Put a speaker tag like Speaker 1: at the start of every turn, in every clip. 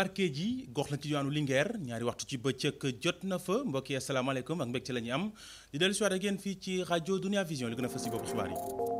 Speaker 1: barke ji gox la ci diwaanu Linguère ñaari waxtu ci bëccëg jot na fa mbokki asalaamaaleykum ak mbégte la ñu am di dellu si waat fii ci rajo Dunia Vision li gën a fës si bopp xibaar yi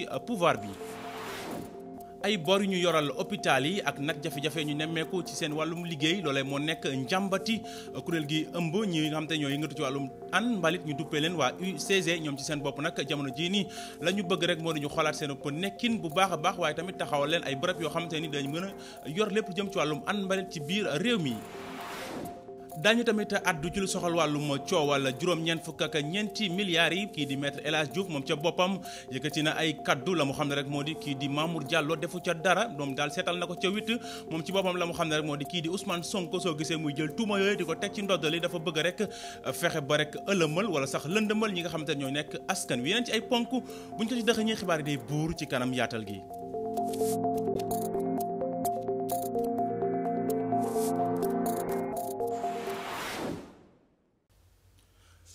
Speaker 1: ci pouvoir bi ay bor yu ñu yoral hôpital yi ak nag jafe-jafe ñu nemmeeku ci seen wàllum liggéey loolee moo nekk njàmbati kuréel gi ëmb ñi nga ñoo te ñooy yëngatu ci wàllum an mbalit ñu duppee leen waa UCG ñoom ci seen bopp nag jamono jii nii la ñu bëgg rek moo di ñu xoolaat seen po nekkin bu baax a baax waaye tamit taxawal leen ay barab yoo xam ni dañu mën a yor lépp jëm ci wàllum an mbalit ci biir réew mi. daañu tamit addu ci lu soxal wàllum coowal juróom-ñeent fukk ak ñeenti milliards yi kii di maître El Hadj moom ca boppam yëkkati na ay kaddu la mu xam ne rek moo di kii di Mamour Diallo defu ca dara moom daal seetal na ko ca witt moom ci boppam la mu xam ne rek moo di kii di usman Sonko soo gisee muy jël tuuma yooyu di ko teg ci ndoddali dafa bëgg rek fexe ba rek ëlëmal wala sax lëndëmal ñi nga xam ne ñoo nekk askan wi yeneen ci ay ponk buñ ko ci dëxëñee xibaar yi day buur ci kanam yaatal gi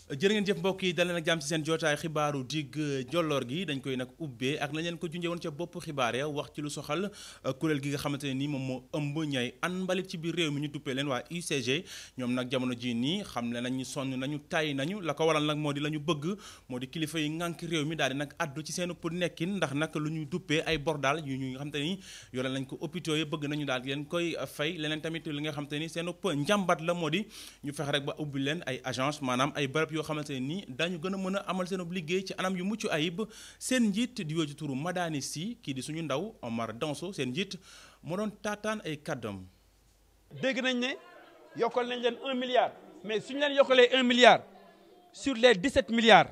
Speaker 1: jërë ngeen jëf mbokk yi daleen ak jàmm ci seen jotaayu xibaaru digg njolloor gi dañ koy nag ubbee ak nañ leen ko junjee woon ca bopp xibaar ya wax ci lu soxal euh, kuréel gi nga xamante ne nii moom moo ëmb ñay an mbalit ci biir réew mi ñu duppee leen waa UCG ñoom nag jamono ji nii xam le nañu sonn nañu tay nañu la ko waral nag moo di la ñu bëgg moo di kilifa yi ngànk réew mi daal di nag addu ci seen pour nekkin ndax nag lu ñu duppee ay bor daal yu ñu nga xamante ni yore nañ ko hôpitaux yi bëgg nañu daal leen koy fay leen tamit li nga xamante ni seen njàmbat la moo di ñu fexe rek ba ubbi leen ay agence maanaam ay barab yoo xamante ne nii dañu gën a mën a amal seen liggéey ci anam yu mucc ayib seen njiit di woo ci turu Madani Si kii di suñu ndaw Omar Danso seen njiit moo doon taataan ay kàddam. dégg nañ ne yokkal nañ leen un milliard mais suñu leen yokkalee un milliard sur les 17
Speaker 2: milliards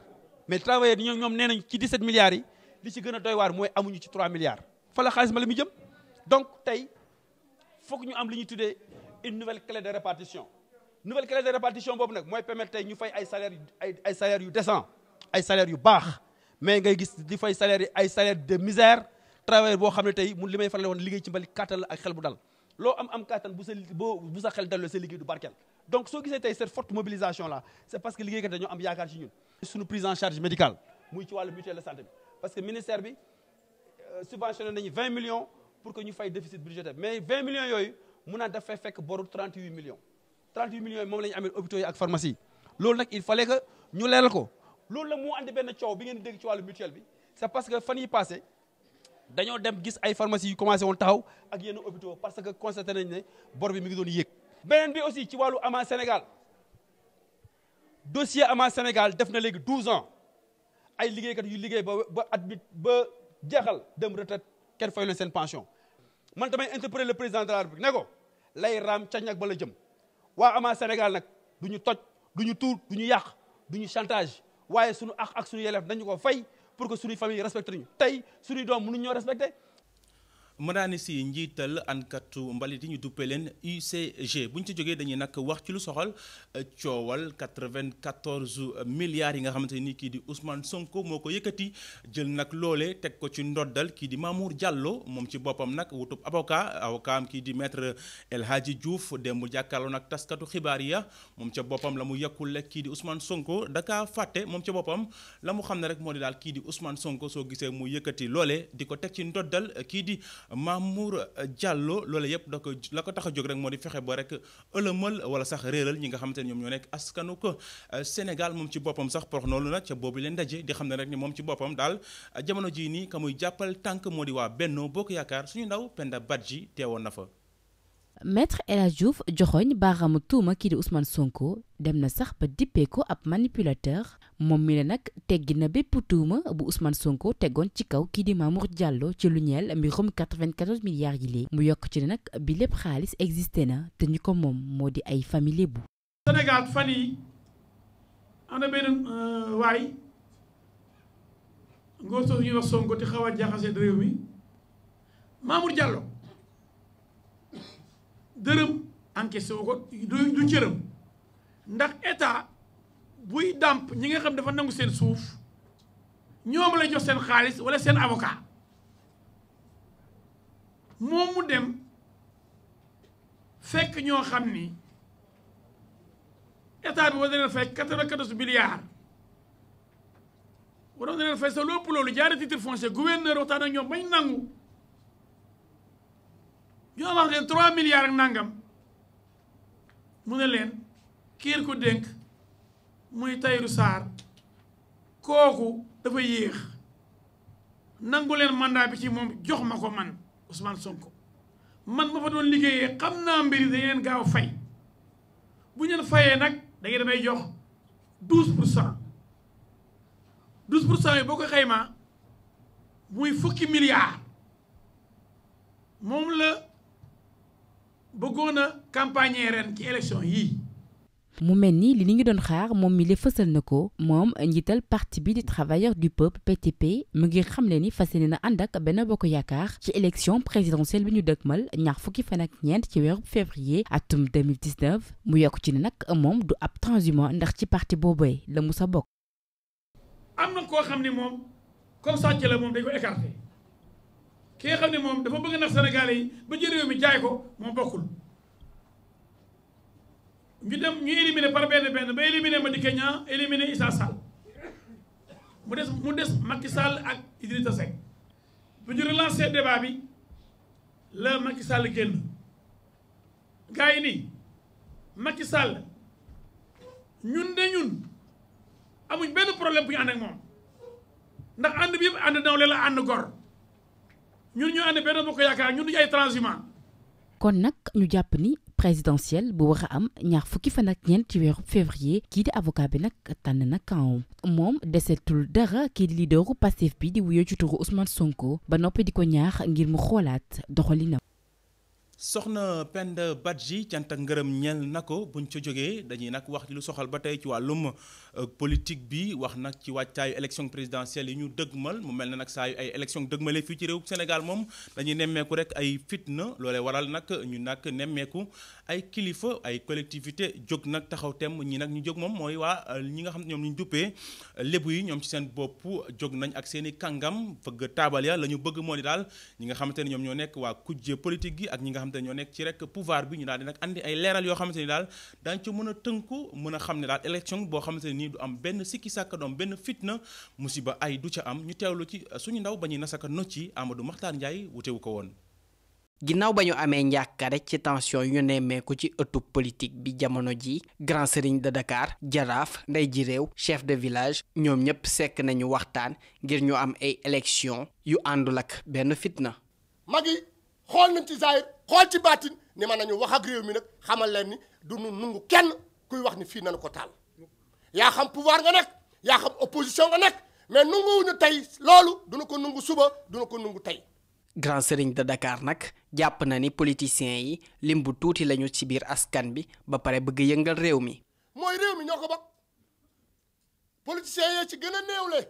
Speaker 2: mais travailleurs yi ñoom nee nañ ci 17 milliards yi li ci gën a doy waar mooy amuñu ci 3 milliards. fa xaalis ma la mu jëm donc tey foog ñu am li ñuy tuddee une nouvelle clé de nouvelle clé de répartition boobu nag mooy permettre tey ñu fay ay salaire yu décent ay salaires yu baax mais ngay gis di boo xam ne tey mun li may farale woon liggéey ci mbali kàttan la ak xel bu dal loo am am kàttan bu sa boo bu sa xel liggéey du barkeel donc soo gisee tey cette forte mobilisation là c'est parce que liggéeykat dañoo am yaakaar ci ñun suñu prise en charge médicale muy ci wàllu mutuelle de santé bi parce que ministère bi euh, subventionné nañu 20 millions pour que ñu fay déficit budgétaire mais 20 millions yooyu mun naa 38 millions yi moom la amee hôpitaux yi ak pharmacie yi loolu nag il fallait que ñu leeral ko loolu la moo andi benn coow bi ngeen dégg ci wàllu mutuel bi c'est parce que fan yi passé dañoo dem gis ay pharmacie yu commencé woon taxaw ak yenn hôpitaux parce que constaté nañ ne bor bi mi ngi doon yéeg beneen bi aussi ci wàllu ama Sénégal dossier ama Sénégal def na léegi 12 ans ay liggéeykat yu liggéey ba ba at bi ba jeexal dem retraite kenn fay leen seen pension man damay interpeller le président de la lay raam cañak ba la jëm waa ama Sénégal nag du ñu toj du ñu tuut du ñu yàq du ñu chantage waaye suñu àq ak suñu yelleef dañu ko fay pour que suñuy famille respecté ñu tey suñuy doom mënuñ ñoo respecté
Speaker 1: mënaani si njiital ankatu mbalit yi ñu duppee leen UCG bu ñu ci jógee dañuy nag wax ci lu soxal euh, coowal 94 milliards yi nga xamante ni kii di Ousmane Sonko moo ko yëkkati jël nag loole teg ko ci ndoddal kii di Mamour Diallo moom ci boppam nag wutub avocat avocat am kii di maître El Hadji Diouf démb jàkkaarloo nag taskatu xibaar ya moom ca boppam la mu yekkul kii di Ousmane Sonko dakaa fàtte moom ca boppam la mu xam ne rek moo di daal kii di Ousmane Sonko soo gisee mu yëkkati loole di ko teg ci ndoddal kii di. Mamour Diallo loolu yëpp da ko la ko tax a jóg rek moo di fexe ba rek ëlëmal wala sax réeral ñi nga xamante ne ñoom ñoo nekk askanu ko Sénégal moom ci boppam sax porox noonu na ca boobu leen daje di xam ne rek ni moom ci boppam daal jamono jii nii ka muy jàppal tànk moo di waa Benno Bokk Yaakaar suñu ndaw Penda ji teewoon na fa
Speaker 3: maître El Hadj Diouf joxoñ baaraamu tuuma kii di Ousmane Sonko dem na sax ba dippee ko ab manipulateur moom mi la nag teggi na bépp tuuma bu Ousmane Sonko teggoon ci kaw kii di Mamour jàlloo ci lu ñeel mbirum 94 milliards yi lée mu yokk ci ne nag bi lépp xaalis existé na te ñu ko moom moo di ay famille bu
Speaker 4: Sénégal fan am na benn euh, waay ngóor soosu ñuy Sonko te xaw a jaaxase mi Mamour Diallo dërëm encaissé wu ko du cëram ndax état buy dàmp ñi nga xam dafa nangu seen suuf ñoom la jox seen xaalis walla seen avocat moom mu dem fekk ñoo xam ni état bi war na leen fay quatre-vingt-quatorze milliards waroon na leen fay sa lépp loolu jaaree titre foncier gouverneur waxtaan ak ñoom bañ nangu. ñu wax leen 3 milliards ak nangam mu ne leen kiir ko dénk muy Tahirou Sarr kooku dafa yéex nangu leen mandat bi ci moom jox ma ko man Ousmane Sonko man ma fa doon liggéeyee xam naa mbiri dañ leen gaaw fay bu ñu leen fayee nag da damay jox 12 pour cent 12 pour cent yi boo ko xaymaa muy fukki milliards moom la bëggoon a ci élection yii.
Speaker 3: mu mel ni li ni ñu doon xaar moom mi la fësal na ko moom njiital parti bi di travailleurs du peuple PTP mu ngi xamle ni fas yéene na ànd ak benn Bokk Yaakaar ci élection présidentielle bi ñu dëgmal ñax fukki fa ak ñeent ci weeru février atum 2019 mu yokk ci ne nag moom du ab transhumant ndax ci parti boobee la musa bokk.
Speaker 4: ki nga xam ne moom dafa bëgg nax Sénégalais yi ba jël réew mi jaay ko moom bokkul ñu dem ñu éliminer par benn benn ba éliminer Madické Niang éliminer Issa Sall mu des mu des Macky Sall ak Idrissa Seck bu ñu relancer débat bi la Macky Sall génn gars yi ni Macky Sall ñun de ñun amuñ benn problème bu ñu ànd ak moom ndax ànd bi yëpp ànd nawle la ànd gor ñu ànd benn bokk
Speaker 3: kon nag ñu jàpp ni présidentielle bu wax am ñaax fukki fan ak ñeent ci weeru février kii di avocat bi nag tànn na kawam moom desetul dara kii di leaderu Pastef bi di wuyoo ci turu Ousmane Sonko ba noppi di ko ñaax ngir mu xoolaat doxalinam.
Speaker 1: soxna Penda Badji cant ak ngërëm ñeel na ko buñ ca jógee dañuy nag wax ci lu soxal ba tey ci wàllum euh, politique bi wax nag ci wàccaayu élection présidentielle yi ñu dëgmal mu mel ne nag saa yu ay élection dëgmale fii ci réew Sénégal moom dañuy nemmeeku rek ay fitna loole waral nag ñu nag nemmeeku ay kilifa ay collectivité jóg nag taxaw temm ñi nag ñu jóg moom mooy waa euh, ñi nga xam ñoom ñu duppee euh, lébu yi ñoom ci seen bopp jóg nañ ak seen kàngam fëgg taabal ya ñu bëgg moo di daal ñi nga xamante ne ñoom ñoo nekk waa kujje politique gi ak ñi nga xam ñoo nekk ci rek pouvoir bi ñu daal di nag andi ay leeral yoo xamante ni daal daañ ci mën a tënku mën a xam ne daal élection boo xamante ne du am benn sikki sàkka benn fitna musiba ay du ca am ñu teewlu ci suñu ndaw ba ñuy nasaka nocci Amadou Makhtar Ndiaye
Speaker 5: wutewu ko woon ginnaaw ba ñu amee njàkkare ci tension yu nemmeeku ci ëttu politique bi jamono ji grand serigne de Dakar jaraaf nday ji réew chef de village ñoom ñépp sekk nañu waxtaan ngir ñu am ay élection yu àndul ak benn fitna
Speaker 6: xool nañ ci zaahir xool ci baatin ni mën nañu wax ak réew mi nag xamal leen ni du nu nungu kenn kuy wax ni fii nanu ko taal yaa xam pouvoir nga nekk yaa xam opposition nga nekk mais nunguwuñu tey loolu duñu ko nungu suba duñu ko nungu tey
Speaker 5: Grand Serigne de Dakar nag jàpp na ni politiciens yi lim bu tuuti lañu ci biir askan bi ba pare bëgg yëngal réew mi
Speaker 6: mooy réew mi ñoo ko bokk politiciens yee ci gën a néewle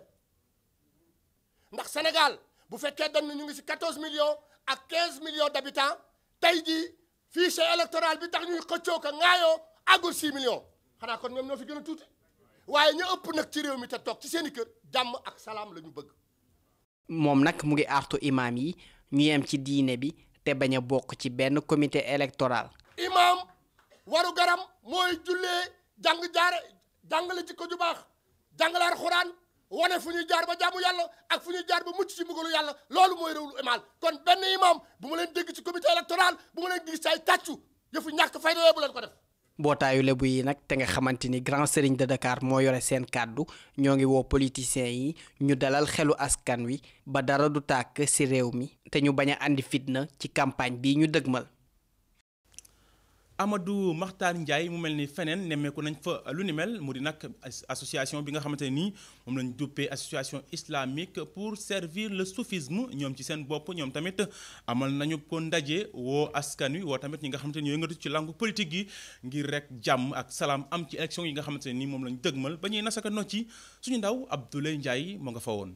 Speaker 6: ndax Sénégal bu fekkee dan dañ ñu ngi ci 14 millions ak 15 millions d' habitants tey jii fichier électoral bi tax ñuy xëccoo ko ŋaayoo àggul 6 millions xanaa kon ñoom ñoo fi gën a tuuti waaye ñu ëpp nag ci réew mi te toog ci seen i kër jàmm ak salaam lañu ñu bëgg.
Speaker 5: moom nag mu ngi artu imaam yi ñu yem ci diine bi te bañ bokk ci benn comité électoral.
Speaker 6: imaam waru garam mooy jullee jàng jaare jàngale jikko ju baax jàngale alxuraan wane fu ñuy jaar ba jaamu yàlla ak fu ñuy jaar ba mucc ci mbugalu yàlla loolu mooy réewlu imaam kon benn imaam bu ma leen dégg ci comité électoral bu ma leen gis say tàccu yëfu ñàkk fayda yooyu bu leen ko def
Speaker 5: mbootaayu lebu yi nag te nga xamante ni grand serigne de Dakar moo yore seen kàddu ñoo ngi woo politiciens yi ñu dalal xelu askan wi ba dara du tàkk ci réew mi te ñu bañ a indi fitna ci campagne bi ñu dëgmal
Speaker 1: Amadou Makhtar Ndiaye mu mel ni feneen nemmeeku nañ fa lu ni mel mu di nag association bi nga xamante ne nii moom lañ duppee association islamique pour servir le soufisme ñoom ci seen bopp ñoom tamit amal nañu ko ndaje woo askan wi woo tamit ñi nga xamante ni ñooy nga ci langue politique yi ngir rek jàmm ak salaam am ci élection yi nga xamante ne nii moom lañ dëgmal ba ñuy nasaka nocci suñu ndaw Abdoulaye Ndiaye moo nga fa woon.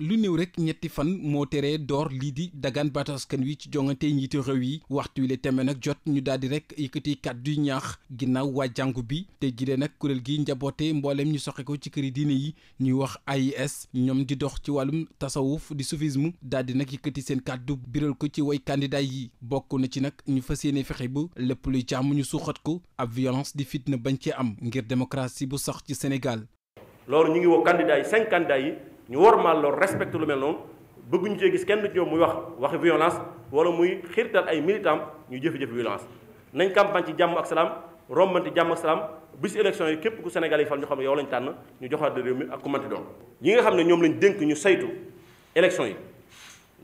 Speaker 7: lu néew rek ñetti fan moo teree door lii di dagaan baatu askan wi ci jongante njiitu réew yi waxtu wi la teme nag jot ñu daal di rek yëkkati kàddu yu ñaax ginnaaw waa jàngu bi te jilee nag kuréel gi njaboote mbooleem ñu soxe ko ci këri diine yi ñuy wax AIS ñoom di dox ci wàllum tasawuf di soufisme daal di nag yëkkati seen kàddu biral ko ci way candidat yi bokk na ci nag ñu fas yéene fexe ba lépp luy jàmm ñu suuxat ko ab violence di fitna bañ ci am ngir démocratie bu sax ci Sénégal.
Speaker 8: ngi ñu wormaal loolu respecté lu mel noonu bëgguñu cee gis kenn ci ñoom muy wax waxi violence wala muy xiirtal ay militants ñu jëfe-jëfe violence nañ campagne ci jàmm ak salaam rombante jàmm ak salaam bis élection yi képp ku Sénégal yi fal ñu xam ne yow lañ tànn ñu joxaat réew mi ak ku manti doon ñi nga xam ne ñoom lañ dénk ñu saytu élection yi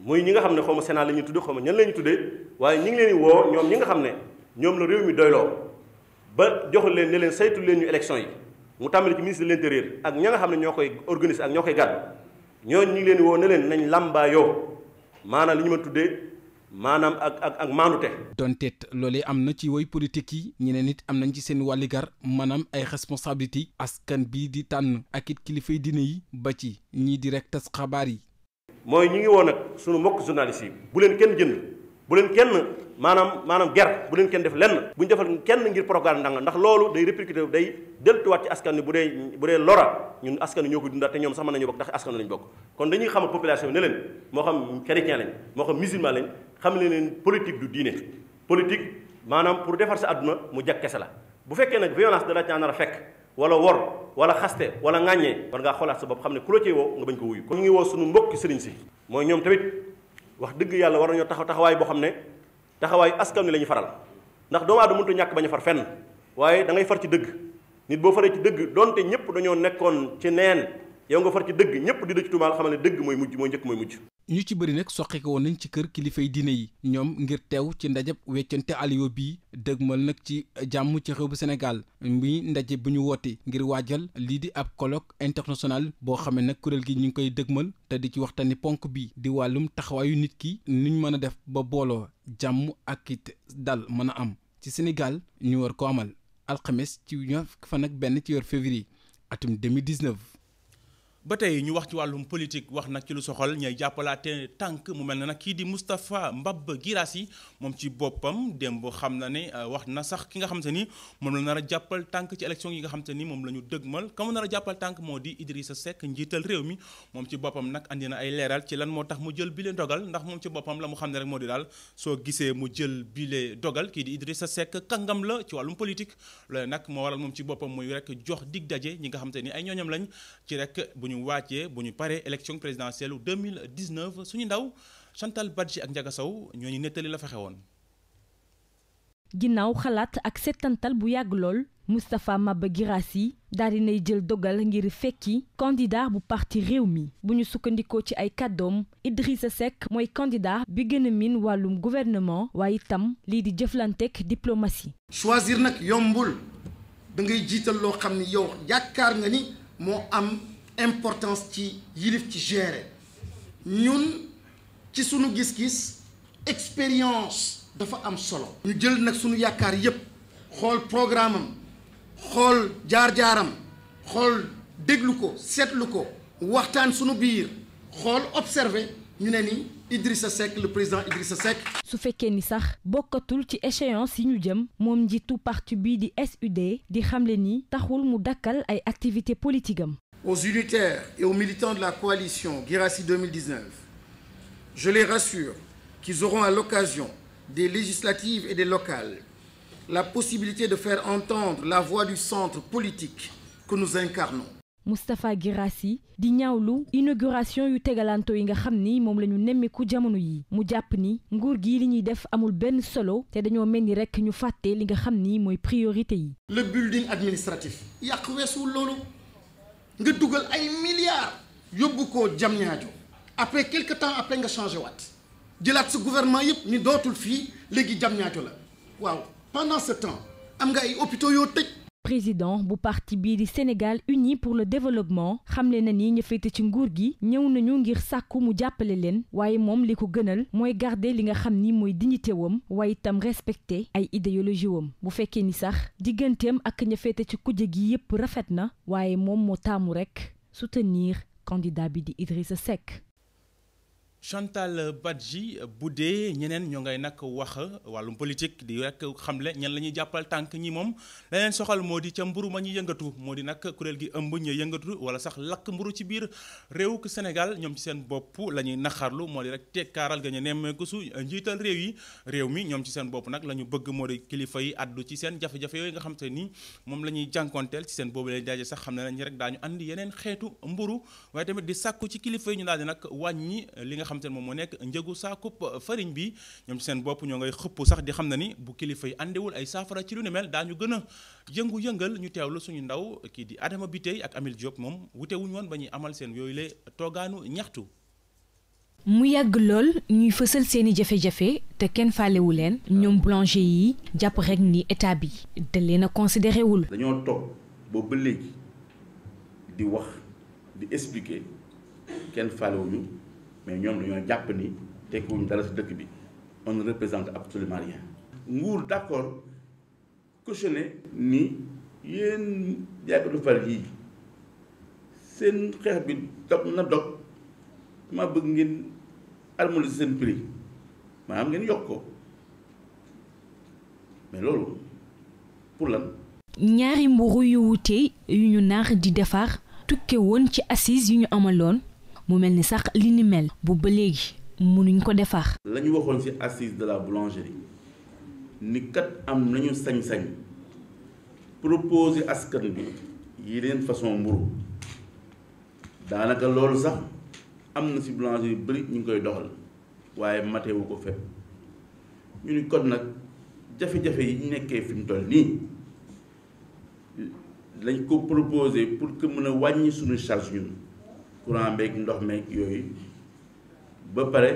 Speaker 8: muy ñi nga xam ne xaw ma Sénat la ñuy tudde xaw ma ñan la ñu tuddee waaye ñi ngi leen woo ñoom ñi nga xam ne ñoom la réew mi doyloo ba jox leen ne leen saytu leen ñu élection yi mu tàmbali ci ministre de l'intérieur ak ña nga xam ne ñoo koy organiser ak ñoo koy gàddu ñoo ñu leen woo ne leen nañ làmbaayoo maanaam li ñu ma tuddee maanaam ak ak ak maanute
Speaker 7: donte loolee am na ci woy politique yi ñeneen nit am nañ ci seen wàlligar maanaam ay responsabilité askan bii di tànn ak it kilifay diine yi ba ci ñii di rek tas xabaar yi
Speaker 8: mooy ñu ngi woon nag sunu mbokk journaliste yi bu leen kenn jënd bu leen kenn maanaam maanaam ger bu leen kenn def lenn bu ñu defal kenn ngir programme ndanga ndax loolu day répercuté day deltuwaat ci askan wi bu dee bu dee lora ñun askan wi ñoo ko dundaat te ñoom sax mën nañu bokk ndax askan lañu bokk kon dañuy xamal population ne leen moo xam chrétien lañ moo xam musulman lañ xam ne leen politique du diine politique maanaam pour defar sa àdduna mu jag kese la bu fekkee nag violence dala caa nar a fekk wala wor wala xaste wala ŋàññee war ngaa xoolaat sa bopp xam ne ku la woo nga bañ ko wuyu kon sëriñ si mooy ñoom tamit wax dëgg yàlla war nañoo taxaw taxawaay boo xam ne taxawaayu askan wi lañuy faral ndax doomu aadama mënut ñàkk bañ a far fenn waaye dangay far ci dëgg nit boo faree ci dëgg donte ñëpp dañoo nekkoon ci neen yow nga far ci dëgg ñëpp di la ci tuumaal xamal ne dëgg mooy mujj mooy njëkk mooy mujj.
Speaker 7: ñu ci bëri nag soqi ko woon nañ ci kër kilifay diine yi ñoom ngir teew ci ndaje weccante alio bii dëgmal nag ci jàmm ci xew bu senegal muy ndaje bu ñu wootee ngir waajal lii di ab colloque international boo xamee nag kuréel gi ñu ngi koy dëgmal te di ci waxtaani ponk bi di wàllum taxawaayu nit ki nuñ mën a def ba booloo jàmm ak it dal mën a am ci Sénégal ñu war ko amal alxames ci ñaar fan ak benn ci weer février atum 2019
Speaker 1: ba tey ñu wax ci wàllum politique wax nag ci lu soxal ñay jàppalaate tànk mu mel na nag kii di Moustapha Mbab Guirassy moom ci boppam démb xam na ne euh, wax na sax ki nga xam te ni moom la nar a jàppal tànk ci élection yi nga xam ni moom la ñu dëgmal ka mu nar a jàppal tànk moo di Idrissa Seck njiital réew mi moom ci boppam nag andi na ay leeral ci lan moo tax mu jël bile dogal ndax moom ci boppam la mu xam ne rek moo di daal soo gisee mu jël bile dogal kii di sa Seck kàngam la ci wàllum politique loolu nag moo waral moom ci boppam muy rek jox dig daje ñi nga xam te ni ay ñooñam lañ ñu wàccee bu ñu paree élection présidentielle 2019 suñu ndaw Chantal Badji ak Ndiaga Sow ñoo ñu nettali la fa xewoon.
Speaker 9: ginnaaw xalaat ak settantal bu yàgg lool Moustapha Maba Guirassy daal di nay jël dogal ngir fekki candidat bu parti réew mi bu ñu sukkandikoo ci ay kàddoom sa Seck mooy candidat bi gën miin wàllum gouvernement waaye itam lii di jëflanteeg diplomatie.
Speaker 10: choisir nag yombul da jiital loo xam ni yow yaakaar nga ni moo am. importance ci yilif ci gérer ñun ci sunu gis-gis expérience dafa am solo ñu jël nag suñu yaakaar yépp xool programme am xool jaar-jaaram xool déglu ko seetlu ko waxtaan suñu biir xool observer ñu ne ni Idrissa Seck le président Idrissa Seck
Speaker 9: su fekkee ni sax bokkatul ci échéance yi ñu jëm moom njiitu parti bii di SUD di xamle ni taxul mu dakkal ay activité politique am aux
Speaker 10: unitaires et aux militants de la coalition Guirassy 2019. Je les rassure qu'ils auront à l'occasion des législatives et des locales la possibilité de faire entendre la voix du centre politique que nous incarnons.
Speaker 9: Moustapha Guirassy di ñaawlu inauguration yu tegalanto yi nga xam ni moom la ñu nemmeeku jamono yi mu jàpp ni nguur gi li ñuy def amul benn solo te dañoo mel ni rekk ñu fàtte li nga xam ni mooy priorité yi.
Speaker 10: le building administratif yàq weesuwul nga dugal ay milliards yóbbu ko jam ñaajo après quelque temps après nga changé waat jëlaat sa gouvernement yëpp ni dootul fii léegi jam ñaajo la
Speaker 9: waaw pendant ce temps am nga ay hôpitaux yoo tëj président bu parti biir di Sénégal uni pour le développement xamle na ni ñu féete ci nguur gi ñëw nañu ngir sàkku mu jàppale leen waaye moom li ko gënal mooy garde li nga xam ni mooy dignité wam waaye itam respecter ay idéologie wam bu fekkee ni sax digganteem ak ña féete ci kujje gi yépp rafet na waaye moom moo taamu rekk soutenir candidat bi di sa Seck
Speaker 1: Chantal Badji bu dee ñeneen ñoo ngay nag wax wàllum politique di rek xamle ñan la ñuy jàppal tànk ñi moom la leen moo di ca mburu ma ñu yëngatu moo di nag kuréel gi ëmb ñu yëngatu wala sax lakk mburu ci biir réew ku Sénégal ñoom ci seen bopp la ñuy naxarlu moo di rek tekkaaral ga ñu nemmeeku su njiital réew yi réew mi ñoom ci seen bopp nag la ñu bëgg moo di kilifa yi addu ci seen jafe-jafe yooyu nga xam te ni moom la ñuy jànkonteel ci seen boobu leen daaje sax xam ne nañ rek daañu andi yeneen xeetu mburu waaye tamit di sàkku ci kilifa yi ñu daal di nag wàññi li nga xam xam te ne moom moo nekk njëgu saakub euh, farine bi ñoom seen bopp ñoo ngay xëpp sax di xam na ni bu kilifa yi àndewul ay saafara ci lu ni mel daañu gën a yëngu-yëngal ñu teewlu suñu ndaw kii di Adama Bitey ak Amil Diop moom wute woon ba ñuy amal seen yooyu le toogaanu ñaxtu
Speaker 11: mu yàgg lool ñuy fësal seeni jafe-jafe te kenn faalewu leen ñoom boulanger yi jàpp rek ni état bi te leen a considéré wul.
Speaker 12: dañoo toog boobu ba léegi di wax di expliquer kenn faalewuñu mais ñoom dañoo jàpp ni tekkiwuñ dara si dëkk bi on ne représente absolument rien nguur d' accord cautionné ni yéen jaaykatu far seen xeex bi dog na dog ma bëgg ngeen harmoniser seen prix maanaam ngeen yokk ko mais loolu pour lan
Speaker 11: ñaari mburu yu wute yu ñu naax di defar tukke woon ci assise yu ñu amaloon mu mel ni sax li ni mel bu ba léegi mënuñ ko defar.
Speaker 12: la ñu waxoon ci assis de la boulangerie ni kat am nañu sañ-sañ proposer askan bi yeneen façon mburu daanaka loolu sax am na ci boulangerie yu bëri ñu ngi koy doxal waaye matewu ko fépp ñu ni kot nag jafe-jafe yi ñu nekkee fi mu toll nii lañ ko proposer pour que mën a wàññi suñu charge ñun. courant beeg ndox meeg yooyu ba pare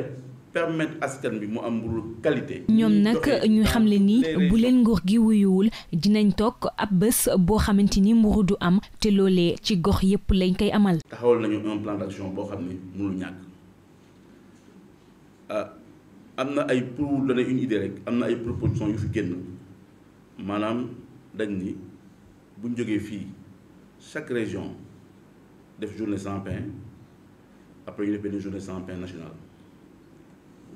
Speaker 12: permettre askan bi mu am mburu qualité. ñoom nag
Speaker 11: ñu xamle ni bu leen nguur gi wuyuwul dinañ toog ab bés boo xamante ni mburu du am te loolee ci gox yépp lañ koy amal.
Speaker 12: taxawal nañu un plan d'action boo xam ne mënul ñàkk ah am na ay pour donner une am na ay proposition yu fi génn maanaam dañ ni buñ jógee fii chaque région. def journée sans pain après ñu def benn journée sans pain nationale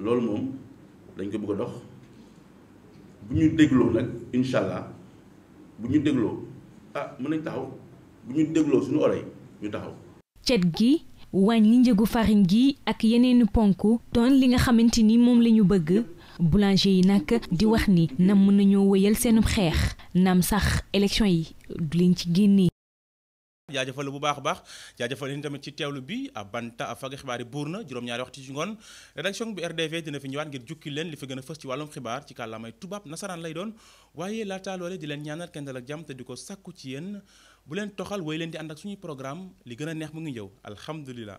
Speaker 12: loolu moom dañ ko bëgg dox bu ñu dégloo nag incha bu ñu dégloo ah mën nañ taxaw bu ñu dégloo suñu oreille ñu taxaw.
Speaker 11: cet gi wàññi njëgu farine gi ak yeneeni ponk doon li nga xamante ni moom lañu bëgg. boulanger yi nag di wax ni nam mën nañoo wëyal seenu xeex nam sax élection yi du leen ci génnee
Speaker 1: jaajëfal bu baax a baax jaajëfal leen tamit ci teewlu bi a banta a xibaar yi buur na juróom-ñaari waxtu ci ngoon rédaction bi RDV dina fi ñëwaat ngir jukki leen li fi gën a fës xibaar ci kàllaamay tubaab nasaraan lay doon waaye laata loole di leen ñaanal kenn dal ak jàmm te di ko sàkku ci yéen bu leen toxal woy leen di ànd ak suñuy programme li gën a neex mu ngi ñëw alhamdulilah